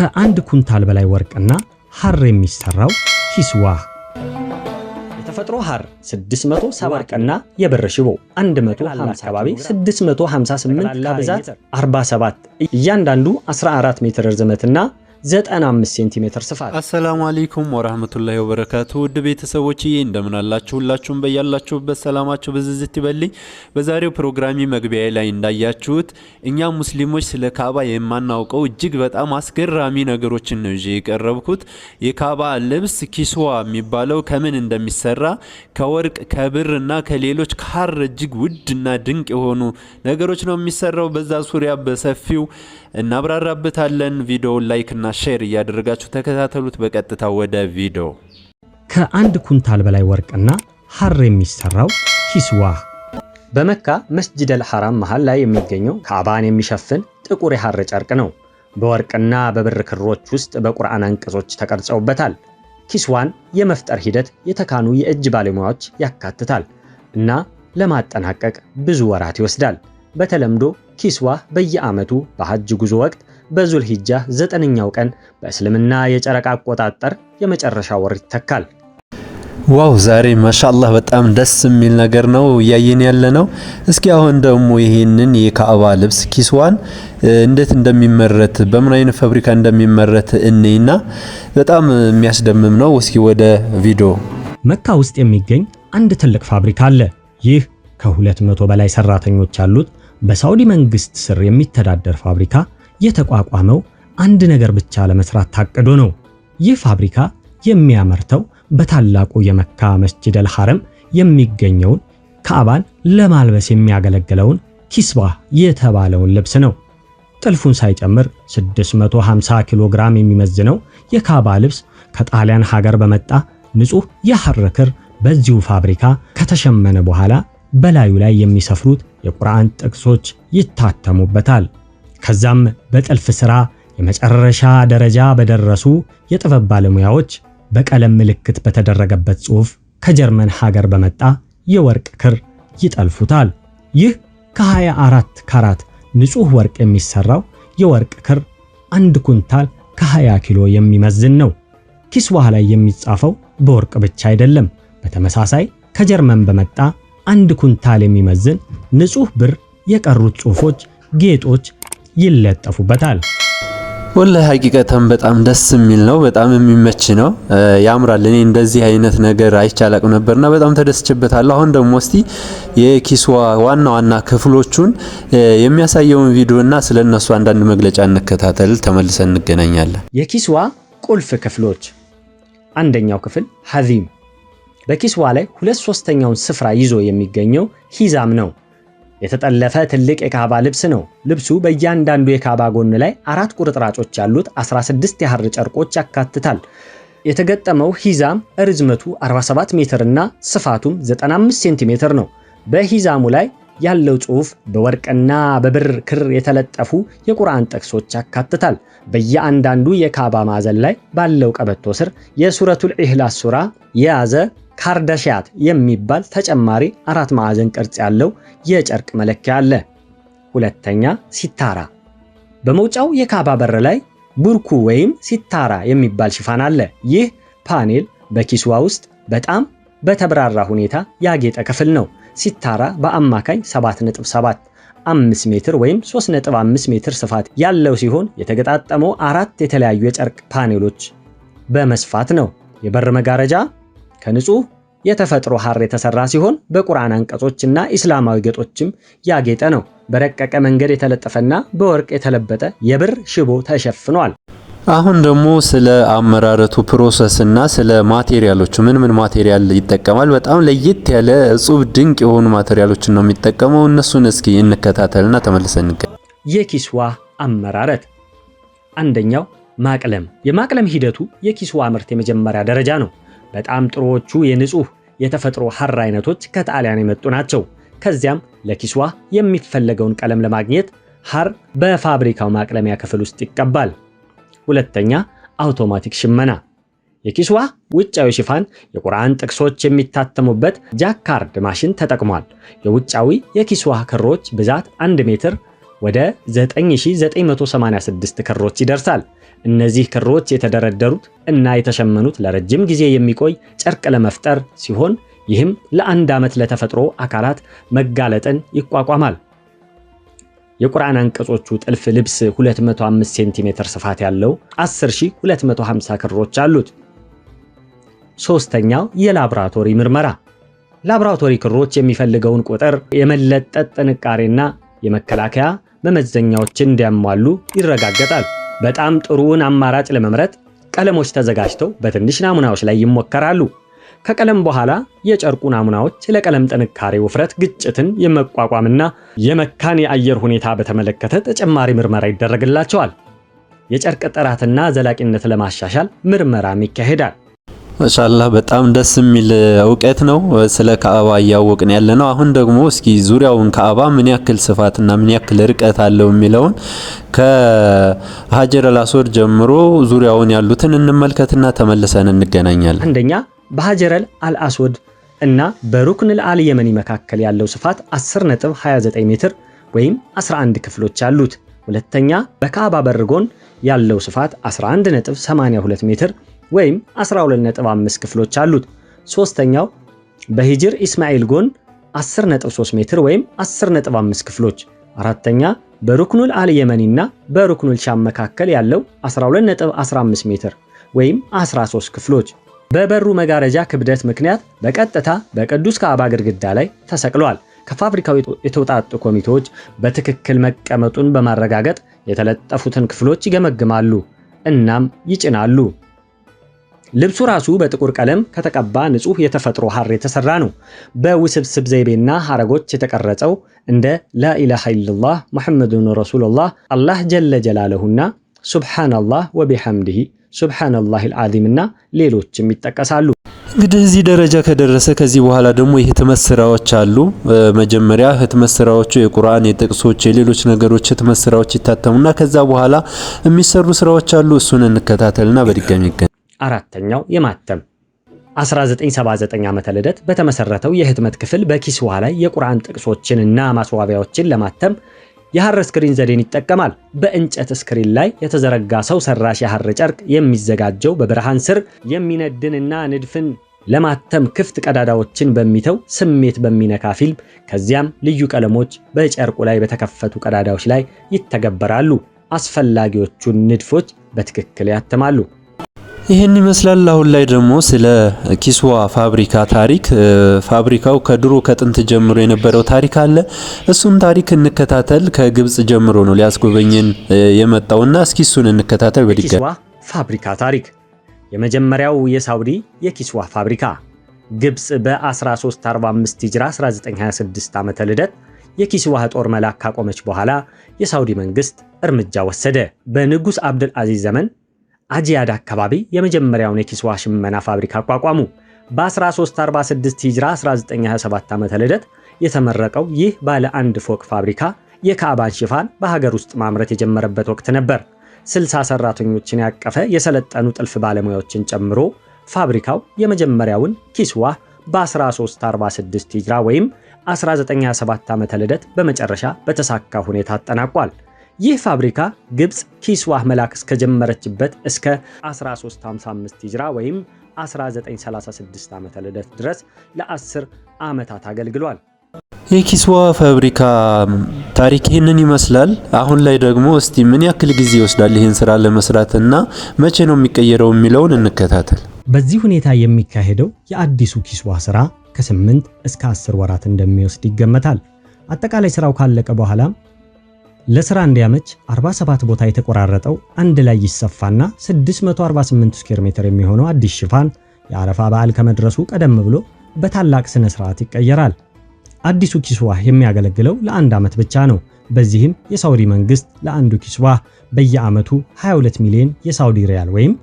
ከአንድ ኩንታል በላይ ወርቅና ሐር የሚሰራው ኪስዋ የተፈጥሮ ሐር 670 ቀና የብር ሽቦ 150 አካባቢ 658 ከብዛት 47 እያንዳንዱ 14 ሜትር ርዝመትና 95 ሴንቲሜትር ስፋት። አሰላሙ አለይኩም ወራህመቱላሂ ወበረካቱ ውድ ቤተሰቦችዬ እንደምን አላችሁ? ሁላችሁም በያላችሁበት ሰላማችሁ ብዝዝት ይበልኝ። በዛሬው ፕሮግራሚ መግቢያ ላይ እንዳያችሁት እኛ ሙስሊሞች ስለ ካባ የማናውቀው እጅግ በጣም አስገራሚ ነገሮችን ነው ይዤ የቀረብኩት። የካባ ልብስ ኪስዋ የሚባለው ከምን እንደሚሰራ ከወርቅ ከብር እና ከሌሎች ካር እጅግ ውድና ድንቅ የሆኑ ነገሮች ነው የሚሰራው። በዛ ዙሪያ በሰፊው እናብራራበታለን። ቪዲዮውን ላይክና ላይክና ሼር እያደረጋችሁ ተከታተሉት። በቀጥታ ወደ ቪዲዮ። ከአንድ ኩንታል በላይ ወርቅና ሐር የሚሰራው ኪስዋ በመካ መስጅደል ሐራም መሃል ላይ የሚገኘው ካዕባን የሚሸፍን ጥቁር የሐር ጨርቅ ነው። በወርቅና በብር ክሮች ውስጥ በቁርአን አንቀጾች ተቀርጸውበታል። ኪስዋን የመፍጠር ሂደት የተካኑ የእጅ ባለሙያዎች ያካትታል እና ለማጠናቀቅ ብዙ ወራት ይወስዳል። በተለምዶ ኪስዋ በየዓመቱ በሐጅ ጉዞ ወቅት በዙልሂጃ ዘጠነኛው ቀን በእስልምና የጨረቃ አቆጣጠር የመጨረሻ ወር ይተካል። ዋው ዛሬ ማሻአላህ በጣም ደስ የሚል ነገር ነው እያየን ያለ ነው። እስኪ አሁን ደግሞ ይህንን የካዕባ ልብስ ኪስዋን እንዴት እንደሚመረት በምን አይነት ፋብሪካ እንደሚመረት እኔና በጣም የሚያስደምም ነው። እስኪ ወደ ቪዲዮ። መካ ውስጥ የሚገኝ አንድ ትልቅ ፋብሪካ አለ። ይህ ከሁለት መቶ በላይ ሰራተኞች ያሉት በሳውዲ መንግስት ስር የሚተዳደር ፋብሪካ የተቋቋመው አንድ ነገር ብቻ ለመስራት ታቅዶ ነው። ይህ ፋብሪካ የሚያመርተው በታላቁ የመካ መስጂድ አልሐረም የሚገኘውን ካዕባን ለማልበስ የሚያገለግለውን ኪስባ የተባለውን ልብስ ነው። ጥልፉን ሳይጨምር 650 ኪሎ ግራም የሚመዝነው የካዕባ ልብስ ከጣሊያን ሀገር በመጣ ንጹህ የሐር ክር በዚሁ ፋብሪካ ከተሸመነ በኋላ በላዩ ላይ የሚሰፍሩት የቁርአን ጥቅሶች ይታተሙበታል። ከዛም በጥልፍ ሥራ የመጨረሻ ደረጃ በደረሱ የጥበብ ባለሙያዎች በቀለም ምልክት በተደረገበት ጽሑፍ ከጀርመን ሀገር በመጣ የወርቅ ክር ይጠልፉታል። ይህ ከ24 ካራት ንጹሕ ወርቅ የሚሰራው የወርቅ ክር አንድ ኩንታል ከ20 ኪሎ የሚመዝን ነው። ኪስዋህ ላይ የሚጻፈው በወርቅ ብቻ አይደለም። በተመሳሳይ ከጀርመን በመጣ አንድ ኩንታል የሚመዝን ንጹሕ ብር የቀሩት ጽሑፎች፣ ጌጦች ይለጠፉበታል። ወላሂ ሀቂቀተን በጣም ደስ የሚል ነው። በጣም የሚመች ነው፣ ያምራል። እኔ እንደዚህ አይነት ነገር አይቻላቅም ነበርና በጣም ተደስችበታለሁ። አሁን ደግሞ እስቲ የኪስዋ ዋና ዋና ክፍሎቹን የሚያሳየውን ቪዲዮና ስለ እነሱ አንዳንድ መግለጫ እንከታተል። ተመልሰን እንገናኛለን። የኪስዋ ቁልፍ ክፍሎች፣ አንደኛው ክፍል ሀዚም፣ በኪስዋ ላይ ሁለት ሶስተኛውን ስፍራ ይዞ የሚገኘው ሂዛም ነው። የተጠለፈ ትልቅ የካባ ልብስ ነው። ልብሱ በእያንዳንዱ የካባ ጎን ላይ አራት ቁርጥራጮች ያሉት 16 የሐር ጨርቆች ያካትታል። የተገጠመው ሂዛም ርዝመቱ 47 ሜትር እና ስፋቱም 95 ሴንቲሜትር ነው። በሂዛሙ ላይ ያለው ጽሑፍ በወርቅና በብር ክር የተለጠፉ የቁርአን ጥቅሶች ያካትታል። በየአንዳንዱ የካባ ማዕዘን ላይ ባለው ቀበቶ ስር የሱረቱል ኢህላስ ሱራ የያዘ ካርዳሽያት የሚባል ተጨማሪ አራት ማዕዘን ቅርጽ ያለው የጨርቅ መለኪያ አለ። ሁለተኛ ሲታራ፣ በመውጫው የካባ በር ላይ ቡርኩ ወይም ሲታራ የሚባል ሽፋን አለ። ይህ ፓኔል በኪስዋ ውስጥ በጣም በተብራራ ሁኔታ ያጌጠ ክፍል ነው። ሲታራ በአማካኝ 7.7 5 ሜትር ወይም 3.5 ሜትር ስፋት ያለው ሲሆን የተገጣጠመው አራት የተለያዩ የጨርቅ ፓኔሎች በመስፋት ነው። የበር መጋረጃ ከንጹህ የተፈጥሮ ሐር የተሰራ ሲሆን በቁርአን አንቀጾችና ኢስላማዊ ጌጦችም ያጌጠ ነው። በረቀቀ መንገድ የተለጠፈና በወርቅ የተለበጠ የብር ሽቦ ተሸፍኗል። አሁን ደግሞ ስለ አመራረቱ ፕሮሰስ እና ስለ ማቴሪያሎቹ ምን ምን ማቴሪያል ይጠቀማል? በጣም ለየት ያለ እጹብ ድንቅ የሆኑ ማቴሪያሎችን ነው የሚጠቀመው። እነሱን እስኪ እንከታተልና ተመልሰን እንገ የኪስዋ አመራረት አንደኛው ማቅለም። የማቅለም ሂደቱ የኪስዋ ምርት የመጀመሪያ ደረጃ ነው። በጣም ጥሩዎቹ የንጹህ የተፈጥሮ ሐር አይነቶች ከጣሊያን የመጡ ናቸው። ከዚያም ለኪስዋ የሚፈለገውን ቀለም ለማግኘት ሐር በፋብሪካው ማቅለሚያ ክፍል ውስጥ ይቀባል። ሁለተኛ አውቶማቲክ ሽመና። የኪስዋ ውጫዊ ሽፋን የቁርአን ጥቅሶች የሚታተሙበት ጃካርድ ማሽን ተጠቅሟል። የውጫዊ የኪስዋ ክሮች ብዛት 1 ሜትር ወደ 9986 ክሮች ይደርሳል። እነዚህ ክሮች የተደረደሩት እና የተሸመኑት ለረጅም ጊዜ የሚቆይ ጨርቅ ለመፍጠር ሲሆን ይህም ለአንድ ዓመት ለተፈጥሮ አካላት መጋለጥን ይቋቋማል። የቁርአን አንቀጾቹ ጥልፍ ልብስ 205 ሴንቲሜትር ስፋት ያለው 10250 ክሮች አሉት። ሶስተኛው የላብራቶሪ ምርመራ ላብራቶሪ ክሮች የሚፈልገውን ቁጥር የመለጠጥ ጥንካሬና የመከላከያ መመዘኛዎችን እንዲያሟሉ ይረጋገጣል። በጣም ጥሩውን አማራጭ ለመምረጥ ቀለሞች ተዘጋጅተው በትንሽ ናሙናዎች ላይ ይሞከራሉ። ከቀለም በኋላ የጨርቁ ናሙናዎች ለቀለም ጥንካሬ ውፍረት፣ ግጭትን የመቋቋምና የመካን የአየር ሁኔታ በተመለከተ ተጨማሪ ምርመራ ይደረግላቸዋል። የጨርቅ ጥራትና ዘላቂነት ለማሻሻል ምርመራም ይካሄዳል። ማሻላ በጣም ደስ የሚል እውቀት ነው። ስለ ካዕባ እያወቅን ያለ ነው። አሁን ደግሞ እስኪ ዙሪያውን ካዕባ ምን ያክል ስፋትና ምን ያክል ርቀት አለው የሚለውን ከሀጀር አልአስወድ ጀምሮ ዙሪያውን ያሉትን እንመልከትና ተመልሰን እንገናኛለን። አንደኛ በሀጀረል አልአስወድ እና በሩክን አል የመኒ መካከል ያለው ስፋት 10.29 ሜትር ወይም 11 ክፍሎች አሉት። ሁለተኛ በካዕባ በር ጎን ያለው ስፋት 11.82 ሜትር ወይም 12.5 ክፍሎች አሉት። ሶስተኛው በሂጅር ኢስማኤል ጎን 10.3 ሜትር ወይም 10.5 ክፍሎች፣ አራተኛ በሩክኑል አልየመኒ እና በሩክኑል ሻም መካከል ያለው 12.15 ሜትር ወይም 13 ክፍሎች በበሩ መጋረጃ ክብደት ምክንያት በቀጥታ በቅዱስ ካዕባ ግድግዳ ላይ ተሰቅሏል። ከፋብሪካው የተውጣጡ ኮሚቴዎች በትክክል መቀመጡን በማረጋገጥ የተለጠፉትን ክፍሎች ይገመግማሉ እናም ይጭናሉ። ልብሱ ራሱ በጥቁር ቀለም ከተቀባ ንጹህ የተፈጥሮ ሐር የተሰራ ነው። በውስብስብ ዘይቤና ሐረጎች የተቀረጸው እንደ ላኢላሃ ኢለላህ ሙሐመዱን ረሱሉላህ አላህ ጀለ ጀላለሁና ሱብሓነላህ ወቢሐምድሂ ሱብሓነላህ አልዓዚምና ሌሎችም ይጠቀሳሉ። እንግዲህ እዚህ ደረጃ ከደረሰ ከዚህ በኋላ ደግሞ የህትመት ስራዎች አሉ። መጀመሪያ ህትመት ስራዎቹ የቁርአን፣ የጥቅሶች፣ የሌሎች ነገሮች ህትመት ስራዎች ይታተሙና ከዛ በኋላ የሚሰሩ ስራዎች አሉ። እሱን እንከታተልና በድጋሚ አራተኛው የማተም 1979 ዓ. ልደት በተመሰረተው የህትመት ክፍል በኪስዋ ላይ የቁርአን ጥቅሶችንና ማስዋቢያዎችን ለማተም የሐር ስክሪን ዘዴን ይጠቀማል። በእንጨት ስክሪን ላይ የተዘረጋ ሰው ሰራሽ የሐር ጨርቅ የሚዘጋጀው በብርሃን ስር የሚነድንና ንድፍን ለማተም ክፍት ቀዳዳዎችን በሚተው ስሜት በሚነካ ፊልም፣ ከዚያም ልዩ ቀለሞች በጨርቁ ላይ በተከፈቱ ቀዳዳዎች ላይ ይተገበራሉ። አስፈላጊዎቹን ንድፎች በትክክል ያትማሉ። ይህን ይመስላል። አሁን ላይ ደግሞ ስለ ኪስዋ ፋብሪካ ታሪክ ፋብሪካው ከድሮ ከጥንት ጀምሮ የነበረው ታሪክ አለ። እሱን ታሪክ እንከታተል። ከግብጽ ጀምሮ ነው ሊያስጎበኝን የመጣውና እስኪ እሱን እንከታተል። በድጋሚ ኪስዋ ፋብሪካ ታሪክ የመጀመሪያው የሳውዲ የኪስዋ ፋብሪካ ግብጽ በ1345 ሂጅራ 1926 ዓመተ ልደት የኪስዋ ጦር መላክ ካቆመች በኋላ የሳውዲ መንግስት እርምጃ ወሰደ። በንጉስ አብድል አዚዝ ዘመን አጂያድ አካባቢ የመጀመሪያውን የኪስዋ ሽመና ፋብሪካ አቋቋሙ። በ1346 ሂጅራ 1927 ዓመተ ልደት የተመረቀው ይህ ባለ አንድ ፎቅ ፋብሪካ የካዕባን ሽፋን በሀገር ውስጥ ማምረት የጀመረበት ወቅት ነበር። 60 ሰራተኞችን ያቀፈ የሰለጠኑ ጥልፍ ባለሙያዎችን ጨምሮ ፋብሪካው የመጀመሪያውን ኪስዋ በ1346 ሂጅራ ወይም 1927 ዓመተ ልደት በመጨረሻ በተሳካ ሁኔታ አጠናቋል። ይህ ፋብሪካ ግብፅ ኪስዋህ መላክ እስከጀመረችበት እስከ 1355 ሂጅራ ወይም 1936 ዓመተ ልደት ድረስ ለ10 ዓመታት አገልግሏል። የኪስዋ ፋብሪካ ታሪክ ይህንን ይመስላል። አሁን ላይ ደግሞ እስቲ ምን ያክል ጊዜ ይወስዳል ይህን ስራ ለመስራት እና መቼ ነው የሚቀየረው የሚለውን እንከታተል። በዚህ ሁኔታ የሚካሄደው የአዲሱ ኪስዋ ስራ ከ8 እስከ 10 ወራት እንደሚወስድ ይገመታል። አጠቃላይ ስራው ካለቀ በኋላም ለስራ እንዲያመች 47 ቦታ የተቆራረጠው አንድ ላይ ይሰፋና 648 ስኩዌር ሜትር የሚሆነው አዲስ ሽፋን የአረፋ በዓል ከመድረሱ ቀደም ብሎ በታላቅ ስነ ስርዓት ይቀየራል። አዲሱ ኪስዋህ የሚያገለግለው ለአንድ ዓመት ብቻ ነው። በዚህም የሳውዲ መንግስት ለአንዱ ኪስዋህ በየዓመቱ 22 ሚሊዮን የሳውዲ ሪያል ወይም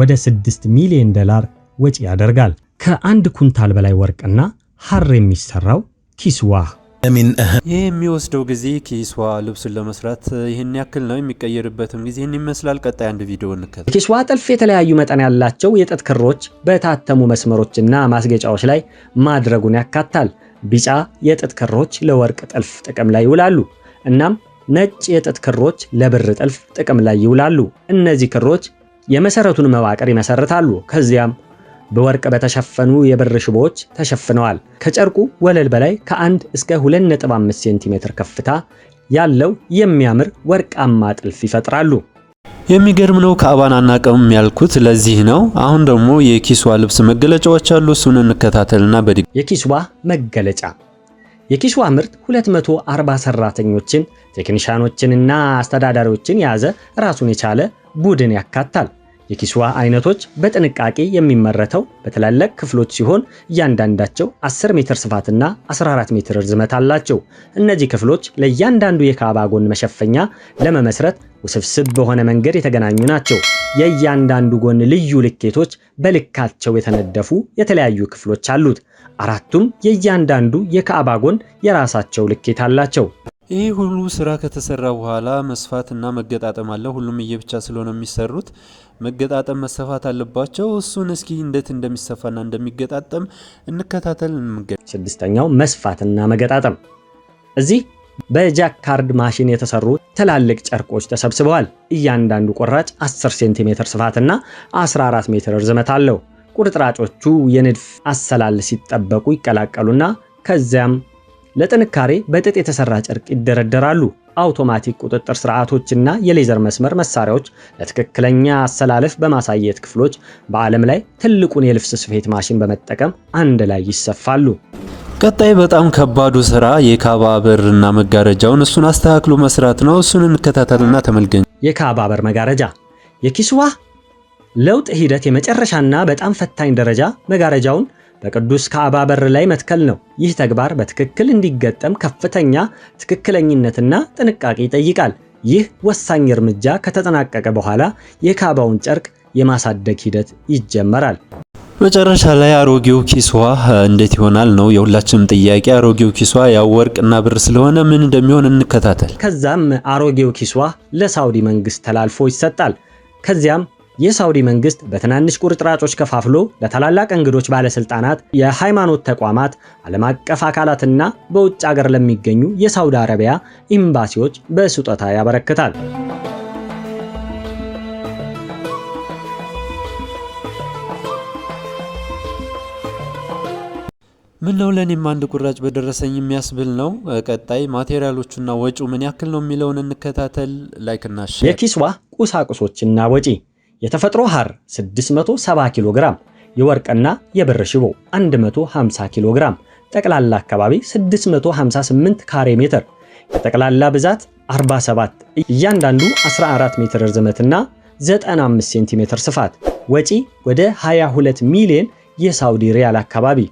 ወደ 6 ሚሊዮን ዶላር ወጪ ያደርጋል። ከአንድ ኩንታል በላይ ወርቅና ሐር የሚሰራው ኪስዋህ ይህ የሚወስደው ጊዜ ኪስዋ ልብሱን ለመስራት ይህን ያክል ነው። የሚቀየርበትም ጊዜ ይመስላል። ቀጣይ አንድ ቪዲዮ እንከት። ኪስዋ ጥልፍ የተለያዩ መጠን ያላቸው የጥጥ ክሮች በታተሙ መስመሮችና ማስጌጫዎች ላይ ማድረጉን ያካታል። ቢጫ የጥጥ ክሮች ለወርቅ ጥልፍ ጥቅም ላይ ይውላሉ። እናም ነጭ የጥጥ ክሮች ለብር ጥልፍ ጥቅም ላይ ይውላሉ። እነዚህ ክሮች የመሰረቱን መዋቅር ይመሰርታሉ። ከዚያም በወርቅ በተሸፈኑ የብር ሽቦዎች ተሸፍነዋል። ከጨርቁ ወለል በላይ ከ1 እስከ 2.5 ሴንቲሜትር ከፍታ ያለው የሚያምር ወርቃማ ጥልፍ ይፈጥራሉ። የሚገርም ነው። ከአባን አናቀምም ያልኩት ለዚህ ነው። አሁን ደግሞ የኪስዋ ልብስ መገለጫዎች አሉ። እሱን እንከታተልና በዲ የኪስዋ መገለጫ የኪስዋ ምርት 240 ሰራተኞችን ቴክኒሻኖችንና አስተዳዳሪዎችን የያዘ ራሱን የቻለ ቡድን ያካታል። የኪስዋ አይነቶች በጥንቃቄ የሚመረተው በትላልቅ ክፍሎች ሲሆን እያንዳንዳቸው 10 ሜትር ስፋትና 14 ሜትር ርዝመት አላቸው። እነዚህ ክፍሎች ለእያንዳንዱ የካባ ጎን መሸፈኛ ለመመስረት ውስብስብ በሆነ መንገድ የተገናኙ ናቸው። የእያንዳንዱ ጎን ልዩ ልኬቶች በልካቸው የተነደፉ የተለያዩ ክፍሎች አሉት። አራቱም የእያንዳንዱ የካዕባ ጎን የራሳቸው ልኬት አላቸው። ይህ ሁሉ ስራ ከተሰራ በኋላ መስፋትና መገጣጠም አለ። ሁሉም እየብቻ ስለሆነ የሚሰሩት መገጣጠም መሰፋት አለባቸው። እሱን እስኪ እንዴት እንደሚሰፋና እንደሚገጣጠም እንከታተል። እንገ ስድስተኛው መስፋትና መገጣጠም። እዚህ በጃካርድ ማሽን የተሰሩ ትላልቅ ጨርቆች ተሰብስበዋል። እያንዳንዱ ቁራጭ 10 ሴንቲሜትር ስፋትና 14 ሜትር ርዝመት አለው። ቁርጥራጮቹ የንድፍ አሰላል ሲጠበቁ ይቀላቀሉና ከዚያም ለጥንካሬ በጥጥ የተሰራ ጨርቅ ይደረደራሉ። አውቶማቲክ ቁጥጥር ስርዓቶችና የሌዘር መስመር መሳሪያዎች ለትክክለኛ አሰላለፍ በማሳየት ክፍሎች በዓለም ላይ ትልቁን የልብስ ስፌት ማሽን በመጠቀም አንድ ላይ ይሰፋሉ። ቀጣይ በጣም ከባዱ ስራ የካባ በርና መጋረጃውን እሱን አስተካክሎ መስራት ነው። እሱን እንከታተልና ተመልገኝ። የካባ በር መጋረጃ የኪስዋ ለውጥ ሂደት የመጨረሻና በጣም ፈታኝ ደረጃ መጋረጃውን በቅዱስ ካዕባ በር ላይ መትከል ነው። ይህ ተግባር በትክክል እንዲገጠም ከፍተኛ ትክክለኝነትና ጥንቃቄ ይጠይቃል። ይህ ወሳኝ እርምጃ ከተጠናቀቀ በኋላ የካዕባውን ጨርቅ የማሳደግ ሂደት ይጀመራል። መጨረሻ ላይ አሮጌው ኪሷ እንዴት ይሆናል ነው የሁላችንም ጥያቄ። አሮጌው ኪሷ ያው ወርቅና ብር ስለሆነ ምን እንደሚሆን እንከታተል። ከዛም አሮጌው ኪሷ ለሳውዲ መንግስት ተላልፎ ይሰጣል። ከዚያም የሳውዲ መንግስት በትናንሽ ቁርጥራጮች ከፋፍሎ ለታላላቅ እንግዶች ባለስልጣናት፣ የሃይማኖት ተቋማት፣ ዓለም አቀፍ አካላትና በውጭ አገር ለሚገኙ የሳውዲ አረቢያ ኤምባሲዎች በስጦታ ያበረክታል። ምን ነው ለእኔም አንድ ቁራጭ በደረሰኝ የሚያስብል ነው። ቀጣይ ማቴሪያሎቹና ወጪው ምን ያክል ነው የሚለውን እንከታተል። እና ሼር የኪስዋ ቁሳቁሶችና ወጪ የተፈጥሮ ሐር 670 ኪሎ ግራም፣ የወርቅና የብር ሽቦ 150 ኪሎ ግራም፣ ጠቅላላ አካባቢ 658 ካሬ ሜትር፣ የጠቅላላ ብዛት 47፣ እያንዳንዱ 14 ሜትር ርዝመትና 95 ሴንቲሜትር ስፋት፣ ወጪ ወደ 22 ሚሊዮን የሳውዲ ሪያል አካባቢ